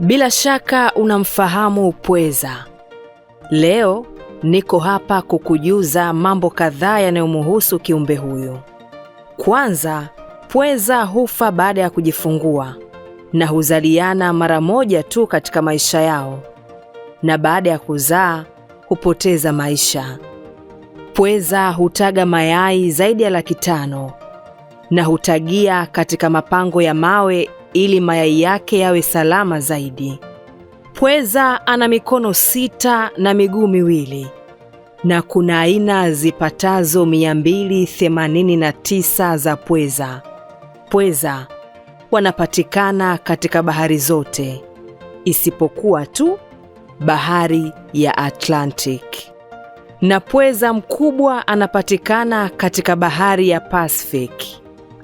Bila shaka unamfahamu Pweza. Leo niko hapa kukujuza mambo kadhaa yanayomhusu kiumbe huyu. Kwanza, pweza hufa baada ya kujifungua na huzaliana mara moja tu katika maisha yao, na baada ya kuzaa hupoteza maisha. Pweza hutaga mayai zaidi ya laki tano na hutagia katika mapango ya mawe ili mayai yake yawe salama zaidi. Pweza ana mikono sita na miguu miwili na kuna aina zipatazo 289 za pweza. Pweza wanapatikana katika bahari zote isipokuwa tu bahari ya Atlantic. Na pweza mkubwa anapatikana katika bahari ya Pacific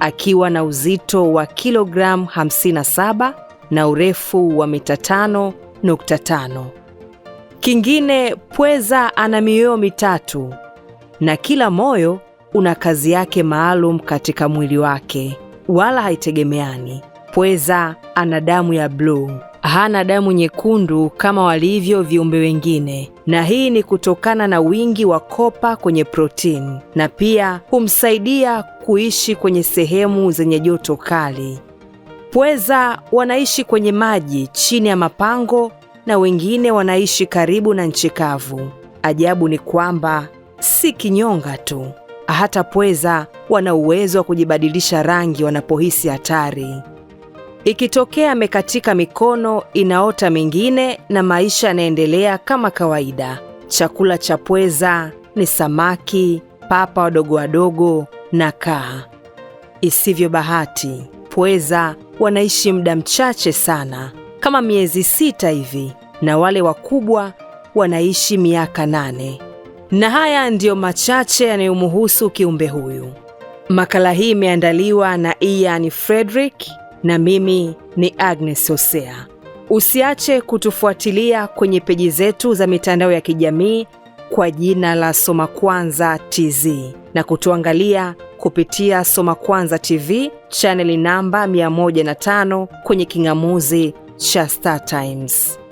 akiwa na uzito wa kilogramu 57 na urefu wa mita 5.5. Kingine, pweza ana mioyo mitatu na kila moyo una kazi yake maalum katika mwili wake, wala haitegemeani. Pweza ana damu ya bluu hana damu nyekundu kama walivyo viumbe wengine, na hii ni kutokana na wingi wa kopa kwenye protini, na pia humsaidia kuishi kwenye sehemu zenye joto kali. Pweza wanaishi kwenye maji chini ya mapango na wengine wanaishi karibu na nchi kavu. Ajabu ni kwamba si kinyonga tu, hata pweza wana uwezo wa kujibadilisha rangi wanapohisi hatari. Ikitokea amekatika mikono, inaota mingine na maisha yanaendelea kama kawaida. Chakula cha pweza ni samaki, papa wadogo wadogo na kaa. Isivyo bahati, pweza wanaishi muda mchache sana, kama miezi sita hivi, na wale wakubwa wanaishi miaka nane. Na haya ndiyo machache yanayomhusu kiumbe huyu. Makala hii imeandaliwa na Ian Frederick na mimi ni Agnes Hosea. Usiache kutufuatilia kwenye peji zetu za mitandao ya kijamii kwa jina la Soma Kwanza TZ na kutuangalia kupitia Soma Kwanza TV chaneli namba 105 kwenye king'amuzi cha Star Times.